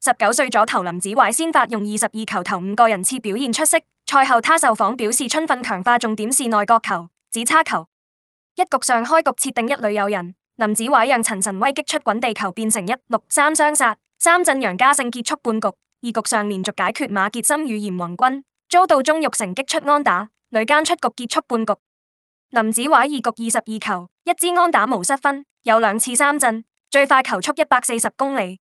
十九歲左投林子崴先發用二十二球投五個人次表現出色，賽後他受訪表示春訓強化重點是內角球、指叉球。一局上開局設定一壘有人，林子崴讓陳晨威擊出滾地球變成一六三雙殺，三振楊家勝結束半局。二局上連續解決馬傑森與嚴宏軍，遭到鍾玉成擊出安打，里間出局結束半局。林子崴二局二十二球，一支安打無失分，有兩次三振，最快球速一百四十公里。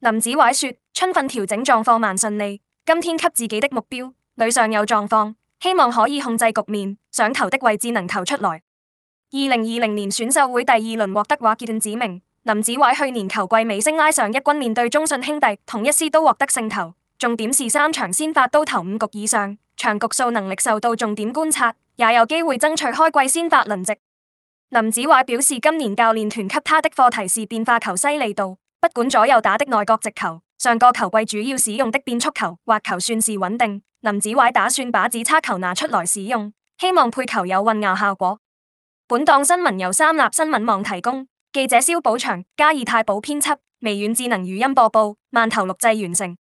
林子崴說：春訓調整狀況蠻順利，今天給自己的目標，女上有狀況，希望可以控制局面，想投的位置能投出來。二零二零年選秀會第二輪獲得瓦杰頓指名。林子崴去年球季尾聲拉上一軍，面對中信兄弟，統一獅都獲得勝投，重點是三場先發都投五局以上，長局數能力受到重點觀察，也有機會爭取開季先發輪值。林子崴表示，今年教練團給他的課題是變化球犀利度。不管左右打的內角直球，上個球季主要使用的變速球、滑球算是穩定。林子崴打算把指叉球拿出來使用，希望配球有混淆效果。本檔新聞由三立新聞網提供，記者蕭寶祥、嘉義太保編輯，微軟智能語音播報，慢頭錄製完成。